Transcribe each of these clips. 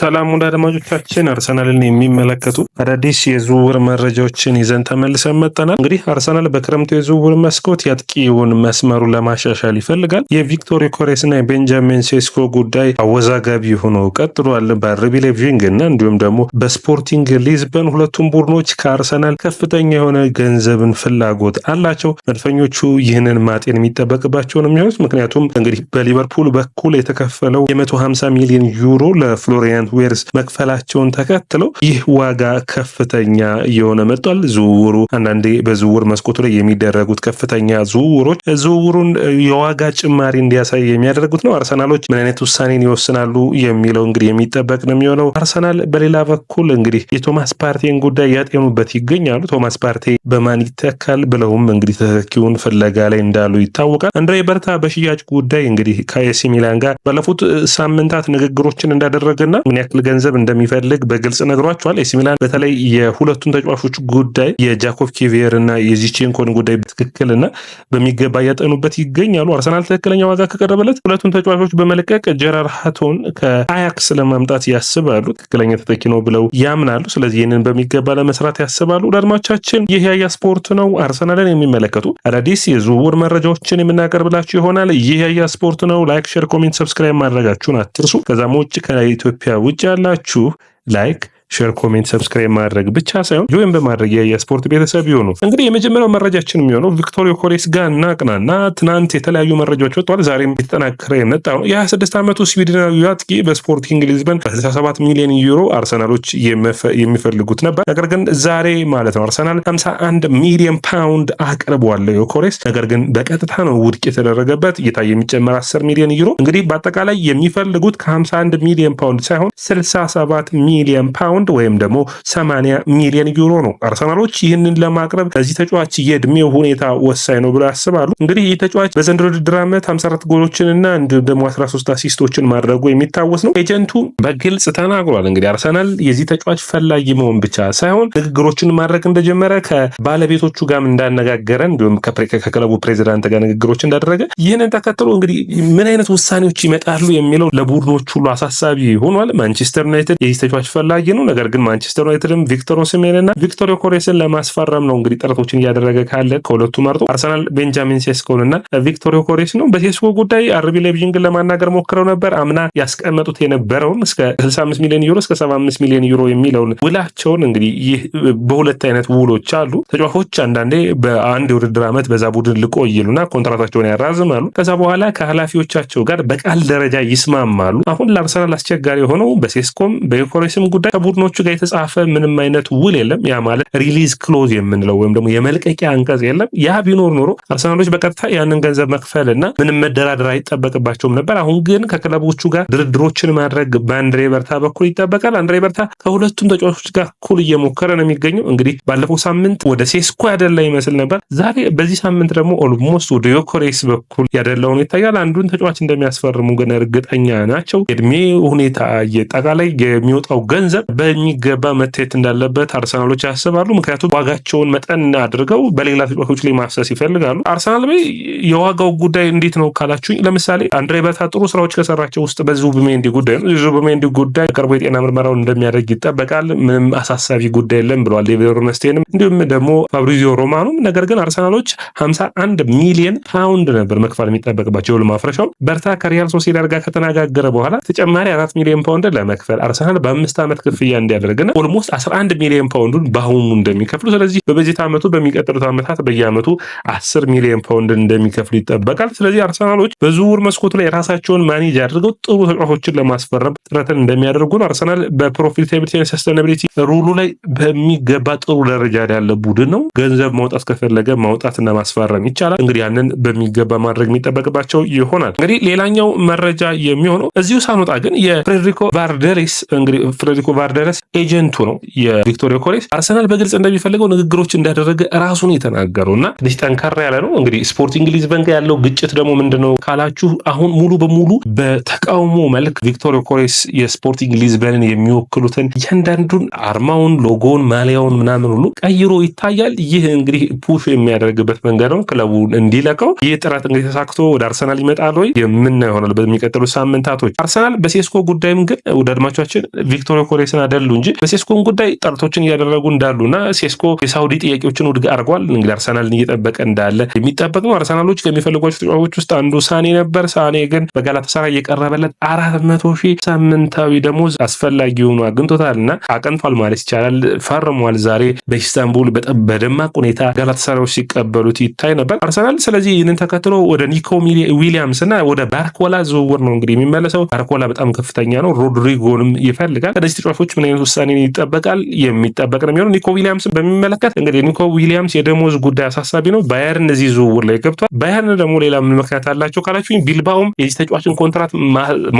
ሰላም ወደ አድማጮቻችን አርሰናልን የሚመለከቱ አዳዲስ የዝውውር መረጃዎችን ይዘን ተመልሰን መጠናል። እንግዲህ አርሰናል በክረምቱ የዝውውር መስኮት የአጥቂውን መስመሩ ለማሻሻል ይፈልጋል። የቪክቶሪ ኮሬስና የቤንጃሚን ሴስኮ ጉዳይ አወዛጋቢ ሆኖ ቀጥሏል። በአርቢ ላይፕዚግ እና እንዲሁም ደግሞ በስፖርቲንግ ሊዝበን ሁለቱም ቡድኖች ከአርሰናል ከፍተኛ የሆነ ገንዘብን ፍላጎት አላቸው። መድፈኞቹ ይህንን ማጤን የሚጠበቅባቸው ነው የሚሆኑት። ምክንያቱም እንግዲህ በሊቨርፑል በኩል የተከፈለው የ150 ሚሊዮን ዩሮ ለፍሎሪያን ዶሚናንት ዌርስ መክፈላቸውን ተከትለው ይህ ዋጋ ከፍተኛ እየሆነ መጥቷል። ዝውውሩ አንዳንዴ በዝውውር መስኮቱ ላይ የሚደረጉት ከፍተኛ ዝውውሮች ዝውውሩን የዋጋ ጭማሪ እንዲያሳይ የሚያደርጉት ነው። አርሰናሎች ምን አይነት ውሳኔን ይወስናሉ የሚለው እንግዲህ የሚጠበቅ ነው የሚሆነው። አርሰናል በሌላ በኩል እንግዲህ የቶማስ ፓርቴን ጉዳይ ያጤኑበት ይገኛሉ። ቶማስ ፓርቴ በማን ይተካል ብለውም እንግዲህ ተተኪውን ፍለጋ ላይ እንዳሉ ይታወቃል። አንድሬ በርታ በሽያጭ ጉዳይ እንግዲህ ከኤሲ ሚላን ጋር ባለፉት ሳምንታት ንግግሮችን እንዳደረገና ምን ያክል ገንዘብ እንደሚፈልግ በግልጽ ነግሯቸዋል። ኤሲ ሚላን በተለይ የሁለቱን ተጫዋቾች ጉዳይ የጃኮብ ኪቪየር እና የዚቼንኮን ጉዳይ በትክክል እና በሚገባ እያጠኑበት ይገኛሉ። አርሰናል ትክክለኛ ዋጋ ከቀረበለት ሁለቱን ተጫዋቾች በመለቀቅ ጀራር ሃቶን ከአያክስ ለማምጣት ያስባሉ። ትክክለኛ ተተኪ ነው ብለው ያምናሉ። ስለዚህ ይህንን በሚገባ ለመስራት ያስባሉ። ወዳድማቻችን ይህ ያያ ስፖርት ነው። አርሰናልን የሚመለከቱ አዳዲስ የዝውውር መረጃዎችን የምናቀርብላችሁ ይሆናል። ይህ ያያ ስፖርት ነው። ላይክ፣ ሼር፣ ኮሜንት፣ ሰብስክራይብ ማድረጋችሁን አትርሱ። ከዛም ውጭ ከኢትዮጵያ ውጭ ያላችሁ ላይክ ሼር፣ ኮሜንት፣ ሰብስክራይብ ማድረግ ብቻ ሳይሆን ጆይን በማድረግ የስፖርት ቤተሰብ ይሆኑ። እንግዲህ የመጀመሪያው መረጃችን የሚሆነው ቪክቶር ዮኬሬስ ጋር እና ትናንት የተለያዩ መረጃዎች ወጥተዋል። ዛሬም የተጠናከረ የመጣ ነው። የ26 ዓመቱ ስዊድናዊ አጥቂ በስፖርቲንግ ሊዝበን በ67 ሚሊዮን ዩሮ አርሰናሎች የሚፈልጉት ነበር። ነገር ግን ዛሬ ማለት ነው አርሰናል 51 ሚሊዮን ፓውንድ አቅርቧል ዮኬሬስ። ነገር ግን በቀጥታ ነው ውድቅ የተደረገበት እይታ የሚጨመር 10 ሚሊዮን ዩሮ። እንግዲህ በአጠቃላይ የሚፈልጉት ከ51 ሚሊዮን ፓውንድ ሳይሆን 67 ሚሊዮን ፓውንድ ፓውንድ ወይም ደግሞ 80 ሚሊዮን ዩሮ ነው። አርሰናሎች ይህንን ለማቅረብ ለዚህ ተጫዋች የእድሜው ሁኔታ ወሳኝ ነው ብለው ያስባሉ። እንግዲህ ይህ ተጫዋች በዘንድሮ ውድድር ዓመት 54 ጎሎችን እና እንዲሁም ደግሞ 13 አሲስቶችን ማድረጉ የሚታወስ ነው። ኤጀንቱ በግልጽ ተናግሯል። እንግዲህ አርሰናል የዚህ ተጫዋች ፈላጊ መሆን ብቻ ሳይሆን ንግግሮችን ማድረግ እንደጀመረ ከባለቤቶቹ ጋርም እንዳነጋገረ እንዲሁም ከክለቡ ፕሬዚዳንት ጋር ንግግሮች እንዳደረገ ይህንን ተከትሎ እንግዲህ ምን አይነት ውሳኔዎች ይመጣሉ የሚለው ለቡድኖች ሁሉ አሳሳቢ ሆኗል። ማንቸስተር ዩናይትድ የዚህ ተጫዋች ፈላጊ ነው። ነገር ግን ማንቸስተር ዩናይትድም ቪክተር ኦሲሜን ቪክቶር ዮኬሬስን ለማስፈረም ነው እንግዲህ ጥረቶችን እያደረገ ካለ ከሁለቱ መርጦ አርሰናል ቤንጃሚን ሴስኮን እና ቪክቶር ዮኬሬስ ነው። በሴስኮ ጉዳይ አርቢ ላይፕዚግን ለማናገር ሞክረው ነበር። አምና ያስቀመጡት የነበረውን እስከ 65 ሚሊዮን ዩሮ እስከ 75 ሚሊዮን ዩሮ የሚለውን ውላቸውን እንግዲህ ይህ በሁለት አይነት ውሎች አሉ። ተጫዋቾች አንዳንዴ በአንድ የውድድር ዓመት በዛ ቡድን ልቆይ ኮንትራታቸውን ያራዝማሉ። ከዛ በኋላ ከኃላፊዎቻቸው ጋር በቃል ደረጃ ይስማማሉ። አሁን ለአርሰናል አስቸጋሪ የሆነው በሴስኮም በዮኬሬስም ጉዳይ ቡድኖቹ ጋር የተጻፈ ምንም አይነት ውል የለም። ያ ማለት ሪሊዝ ክሎዝ የምንለው ወይም ደግሞ የመልቀቂያ አንቀጽ የለም። ያ ቢኖር ኖሮ አርሰናሎች በቀጥታ ያንን ገንዘብ መክፈል እና ምንም መደራደር አይጠበቅባቸውም ነበር። አሁን ግን ከክለቦቹ ጋር ድርድሮችን ማድረግ በአንድሬ በርታ በኩል ይጠበቃል። አንድሬ በርታ ከሁለቱም ተጫዋቾች ጋር እኩል እየሞከረ ነው የሚገኘው። እንግዲህ ባለፈው ሳምንት ወደ ሴስኮ ያደላ ይመስል ነበር። ዛሬ በዚህ ሳምንት ደግሞ ኦልሞስት ወደ ዮኮሬስ በኩል ያደላ ሆኖ ይታያል። አንዱን ተጫዋች እንደሚያስፈርሙ ግን እርግጠኛ ናቸው። የእድሜ ሁኔታ፣ የጠቃላይ የሚወጣው ገንዘብ በሚገባ መታየት እንዳለበት አርሰናሎች ያስባሉ። ምክንያቱም ዋጋቸውን መጠን አድርገው በሌላ ተጫዋቾች ላይ ማፍሰስ ይፈልጋሉ። አርሰናል ላይ የዋጋው ጉዳይ እንዴት ነው ካላችሁኝ፣ ለምሳሌ አንድሬ በታ ጥሩ ስራዎች ከሰራቸው ውስጥ በዙቢሜንዲ ጉዳይ ነው። ዙቢሜንዲ ጉዳይ ቅርቡ የጤና ምርመራውን እንደሚያደርግ ይጠበቃል። ምንም አሳሳቢ ጉዳይ የለም ብለዋል ዴቪድ እንዲሁም ደግሞ ፋብሪዚዮ ሮማኑም። ነገር ግን አርሰናሎች 51 ሚሊየን ፓውንድ ነበር መክፈል የሚጠበቅባቸው ለማፍረሻው። በርታ ከሪያል ሶሴዳድ ጋር ከተነጋገረ በኋላ ተጨማሪ አራት ሚሊዮን ፓውንድ ለመክፈል አርሰናል በአምስት ዓመት ክፍያ ክፍያ እንዲያደርግና ኦልሞስት 11 ሚሊዮን ፓውንዱን በአሁኑ እንደሚከፍሉ፣ ስለዚህ በበጀት ዓመቱ በሚቀጥሉት ዓመታት በየዓመቱ 10 ሚሊዮን ፓውንድን እንደሚከፍሉ ይጠበቃል። ስለዚህ አርሰናሎች በዝውውር መስኮቱ ላይ የራሳቸውን ማኔጅ አድርገው ጥሩ ተጫዋቾችን ለማስፈረም ጥረትን እንደሚያደርጉ ነው። አርሰናል በፕሮፊታቢሊቲ ሰስተናቢሊቲ ሩሉ ላይ በሚገባ ጥሩ ደረጃ ያለ ቡድን ነው። ገንዘብ ማውጣት ከፈለገ ማውጣትና ማስፈረም ይቻላል። እንግዲህ ያንን በሚገባ ማድረግ የሚጠበቅባቸው ይሆናል። እንግዲህ ሌላኛው መረጃ የሚሆነው እዚሁ ሳንወጣ ግን የፍሬድሪኮ ቫርደሪስ እንግዲህ ፍሬድሪኮ ቫርደ ሞራሌስ ኤጀንቱ ነው የቪክቶሪዮ ኮሌጅ አርሰናል በግልጽ እንደሚፈልገው ንግግሮች እንዳደረገ ራሱን የተናገረው እና ትንሽ ጠንካራ ያለ ነው። እንግዲህ ስፖርቲንግ ሊዝበን ጋር ያለው ግጭት ደግሞ ምንድነው ካላችሁ አሁን ሙሉ በሙሉ በተቃውሞ መልክ ቪክቶሪዮ ኮሬስ የስፖርቲንግ ሊዝበንን የሚወክሉትን እያንዳንዱን አርማውን፣ ሎጎውን፣ ማሊያውን ምናምን ሁሉ ቀይሮ ይታያል። ይህ እንግዲህ ፑሽ የሚያደርግበት መንገድ ነው ክለቡን እንዲለቀው። ይህ ጥረት እንግዲህ ተሳክቶ ወደ አርሰናል ይመጣል ወይ የምናየው ይሆናል በሚቀጥሉ ሳምንታቶች። አርሰናል በሴስኮ ጉዳይም ግን ወደ አድማቻችን ቪክቶሪዮ ኮሬስን አይደሉ እንጂ በሴስኮን ጉዳይ ጥረቶችን እያደረጉ እንዳሉና ሴስኮ የሳውዲ ጥያቄዎችን ውድቅ አድርጓል። እንግዲህ አርሰናልን እየጠበቀ እንዳለ የሚጠበቅ ነው። አርሰናሎች ከሚፈልጓቸው ተጫዋቾች ውስጥ አንዱ ሳኔ ነበር። ሳኔ ግን በጋላታሳራይ እየቀረበለት አራት መቶ ሺህ ሳምንታዊ ደሞዝ አስፈላጊ ሆኖ አግኝቶታል እና አቅንቷል ማለት ይቻላል። ፈርሟል። ዛሬ በኢስታንቡል በደማቅ ሁኔታ ጋላታሳራዮች ሲቀበሉት ይታይ ነበር አርሰናል። ስለዚህ ይህንን ተከትሎ ወደ ኒኮ ዊሊያምስ እና ወደ ባርኮላ ዝውውር ነው እንግዲህ የሚመለሰው። ባርኮላ በጣም ከፍተኛ ነው። ሮድሪጎንም ይፈልጋል። ከነዚህ ተጫዋቾች ምን አይነት ውሳኔ ይጠበቃል የሚጠበቅ ነው የሚሆነው። ኒኮ ዊሊያምስን በሚመለከት እንግዲህ ኒኮ ዊሊያምስ የደሞዝ ጉዳይ አሳሳቢ ነው። ባየርን እዚህ ዝውውር ላይ ገብቷል። ባየርን ደግሞ ሌላ ምን ምክንያት አላቸው ካላችሁኝ፣ ቢልባውም የዚህ ተጫዋችን ኮንትራት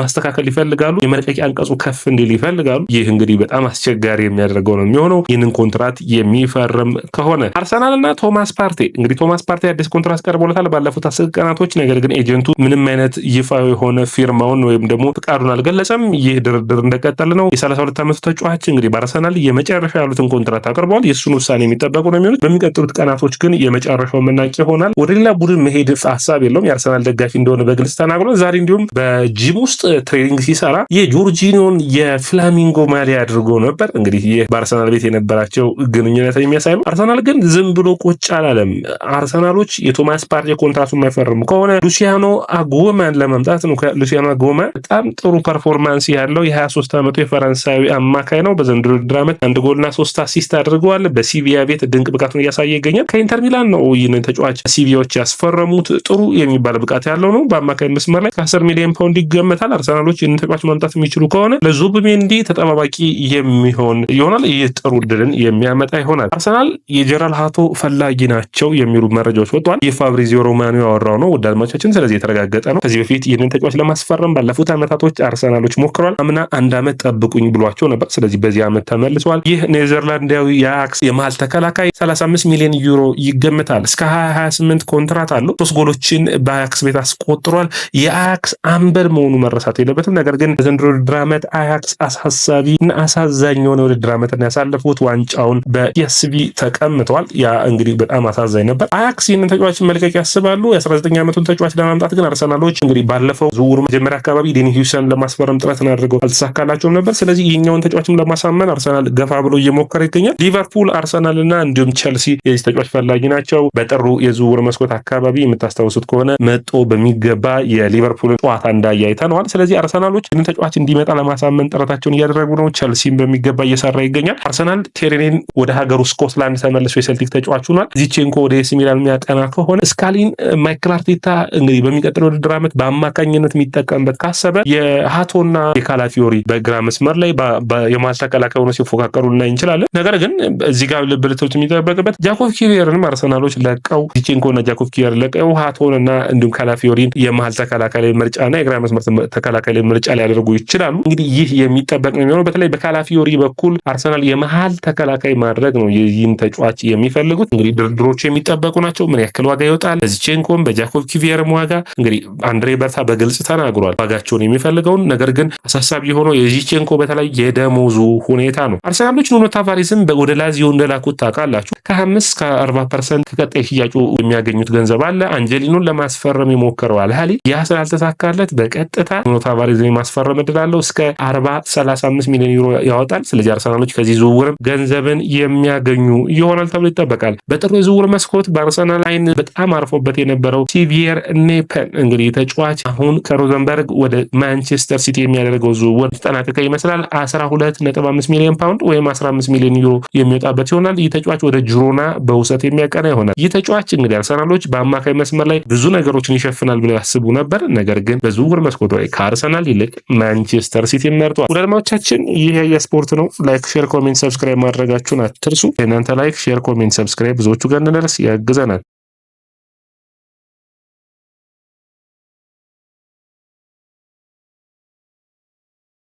ማስተካከል ይፈልጋሉ። የመልቀቂያ አንቀጹ ከፍ እንዲል ይፈልጋሉ። ይህ እንግዲህ በጣም አስቸጋሪ የሚያደርገው ነው የሚሆነው ይህንን ኮንትራት የሚፈርም ከሆነ። አርሰናል እና ቶማስ ፓርቴ እንግዲህ ቶማስ ፓርቴ አዲስ ኮንትራት ቀርቦለታል ባለፉት አስር ቀናቶች። ነገር ግን ኤጀንቱ ምንም አይነት ይፋ የሆነ ፊርማውን ወይም ደግሞ ፍቃዱን አልገለጸም። ይህ ድርድር እንደቀጠል ነው። የ32 ዓመቱ ተጫዋች እንግዲህ በአርሰናል የመጨረሻ ያሉትን ኮንትራት አቅርበዋል። የእሱን ውሳኔ የሚጠበቁ ነው የሚሆኑት። በሚቀጥሉት ቀናቶች ግን የመጨረሻው መናቂ ይሆናል። ወደ ሌላ ቡድን መሄድ ሀሳብ የለውም። የአርሰናል ደጋፊ እንደሆነ በግልጽ ተናግሯል። ዛሬ እንዲሁም በጂም ውስጥ ትሬኒንግ ሲሰራ የጆርጂኒዮን የፍላሚንጎ ማሊያ አድርጎ ነበር። እንግዲህ ይህ በአርሰናል ቤት የነበራቸው ግንኙነት የሚያሳይ ነው። አርሰናል ግን ዝም ብሎ ቁጭ አላለም። አርሰናሎች የቶማስ ፓርቴ ኮንትራቱ የማይፈርሙ ከሆነ ሉሲያኖ አጎማን ለመምጣት ነው። ሉሲያኖ አጎማ በጣም ጥሩ ፐርፎርማንስ ያለው የ23 ዓመቱ የፈረንሳዊ አማካይ ነው። በዘንድሮ ውድድር ዓመት አንድ ጎልና ሶስት አሲስት አድርገዋል። በሲቪያ ቤት ድንቅ ብቃቱን እያሳየ ይገኛል። ከኢንተር ሚላን ነው ይህን ተጫዋች ሲቪያዎች ያስፈረሙት። ጥሩ የሚባል ብቃት ያለው ነው። በአማካይ መስመር ላይ ከአስር ሚሊዮን ፓውንድ ይገመታል። አርሰናሎች ይህን ተጫዋች ማምጣት የሚችሉ ከሆነ ለዙብሜንዲ ተጠባባቂ የሚሆን ይሆናል። ይህ ጥሩ ድልን የሚያመጣ ይሆናል። አርሰናል የጀራል ሀቶ ፈላጊ ናቸው የሚሉ መረጃዎች ወጥቷል። ይህ ፋብሪዚዮ ሮማኖ ያወራው ነው ውድ አድማጮቻችን። ስለዚህ የተረጋገጠ ነው። ከዚህ በፊት ይህንን ተጫዋች ለማስፈረም ባለፉት አመታቶች አርሰናሎች ሞክረዋል። አምና አንድ ዓመት ጠብቁኝ ብሏቸው ነበር። ነበር። ስለዚህ በዚህ ዓመት ተመልሷል። ይህ ኔዘርላንዳዊ የአያክስ የመሃል ተከላካይ 35 ሚሊዮን ዩሮ ይገምታል። እስከ 2028 ኮንትራት አለው። ሶስት ጎሎችን በአያክስ ቤት አስቆጥሯል። የአያክስ አምበል መሆኑ መረሳት የለበትም። ነገር ግን ዘንድሮ ውድድር ዓመት አያክስ አሳሳቢ እና አሳዛኝ የሆነ ውድድር ዓመትን ያሳለፉት ዋንጫውን በፒኤስቪ ተቀምተዋል። ያ እንግዲህ በጣም አሳዛኝ ነበር። አያክስ ይህንን ተጫዋች መልቀቅ ያስባሉ። የ19 ዓመቱን ተጫዋች ለማምጣት ግን አርሰናሎች እንግዲህ ባለፈው ዝውውር መጀመሪያ አካባቢ ዴኒ ሂውሰን ለማስፈረም ጥረትን አድርገው አልተሳካላቸውም ነበር። ስለዚህ ይህኛውን ተጫዋችም ለማሳመን አርሰናል ገፋ ብሎ እየሞከረ ይገኛል። ሊቨርፑል፣ አርሰናል እና እንዲሁም ቸልሲ የዚህ ተጫዋች ፈላጊ ናቸው። በጥሩ የዝውውር መስኮት አካባቢ የምታስታውሱት ከሆነ መጦ በሚገባ የሊቨርፑልን ጨዋታ እንዳየ አይተነዋል። ስለዚህ አርሰናሎች ይህን ተጫዋች እንዲመጣ ለማሳመን ጥረታቸውን እያደረጉ ነው። ቸልሲም በሚገባ እየሰራ ይገኛል። አርሰናል ቴሬኔን ወደ ሀገሩ ስኮትላንድ ተመልሶ የሴልቲክ ተጫዋች ሆኗል። ዚቼንኮ ወደ ኤሲ ሚላን የሚያቀና ከሆነ ስካሊን ማይክል አርቴታ እንግዲህ በሚቀጥለው ውድድር ዓመት በአማካኝነት የሚጠቀምበት ካሰበ የሀቶና የካላፊዮሪ በግራ መስመር ላይ የማስታቀላ ከሆኑ ሲፎካከሩ ልናይ እንችላለን። ነገር ግን እዚህ ጋር ልብ ልትሉት የሚጠበቅበት ጃኮቭ ኪቪየርንም አርሰናሎች ለቀው ዚቼንኮና ጃኮቭ ኪቪየር ለቀው ሃቶንና እንዲሁም ካላፊዮሪን የመሀል ተከላካይ ምርጫና የግራ መስመር ተከላካይ ምርጫ ሊያደርጉ ይችላሉ። እንግዲህ ይህ የሚጠበቅ ነው የሚሆነው። በተለይ በካላፊዮሪ በኩል አርሰናል የመሀል ተከላካይ ማድረግ ነው ይህን ተጫዋች የሚፈልጉት። እንግዲህ ድርድሮች የሚጠበቁ ናቸው። ምን ያክል ዋጋ ይወጣል? በዚቼንኮም በጃኮቭ ኪቪየርም ዋጋ እንግዲህ አንድሬ በርታ በግልጽ ተናግሯል ዋጋቸውን የሚፈልገውን ነገር ግን አሳሳቢ የሆነው የዚቼንኮ በተለይ የደም የደሞዙ ሁኔታ ነው። አርሰናሎች ኑኖ ታቫሬዝን ወደ ላዚዮ እንደላኩት ታውቃላችሁ። ከአምስት 40 ፐርሰንት ከቀጣይ ሽያጩ የሚያገኙት ገንዘብ አለ። አንጀሊኖን ለማስፈረም የሞከረው አልሃሊ ያ ስላልተሳካለት በቀጥታ ኑኖ ታቫሬዝን የማስፈረም እድል አለው። እስከ አርባ ሚሊዮን ዩሮ ያወጣል። ስለዚህ አርሰናሎች ከዚህ ዝውውርም ገንዘብን የሚያገኙ ይሆናል ተብሎ ይጠበቃል። በጥሩ የዝውውር መስኮት በአርሰናል አይን በጣም አርፎበት የነበረው ሲቪየር ኔፐን እንግዲህ ተጫዋች አሁን ከሮዘንበርግ ወደ ማንቸስተር ሲቲ የሚያደርገው ዝውውር ተጠናቀቀ ይመስላል አስራ ሁለት 2.5 ሚሊዮን ፓውንድ ወይም 15 ሚሊዮን ዩሮ የሚወጣበት ይሆናል። ይህ ተጫዋች ወደ ጅሮና በውሰት የሚያቀና ይሆናል። ይህ ተጫዋች እንግዲህ አርሰናሎች በአማካይ መስመር ላይ ብዙ ነገሮችን ይሸፍናል ብለው ያስቡ ነበር። ነገር ግን በዝውውር መስኮት ላይ ከአርሰናል ይልቅ ማንቸስተር ሲቲ መርጧል። ወደ አድማጮቻችን ይህ የስፖርት ነው። ላይክ፣ ሼር፣ ኮሜንት፣ ሰብስክራይብ ማድረጋችሁን አትርሱ። እናንተ ላይክ፣ ሼር፣ ኮሜንት፣ ሰብስክራይብ ብዙዎቹ ጋር እንድንደርስ ያግዘናል።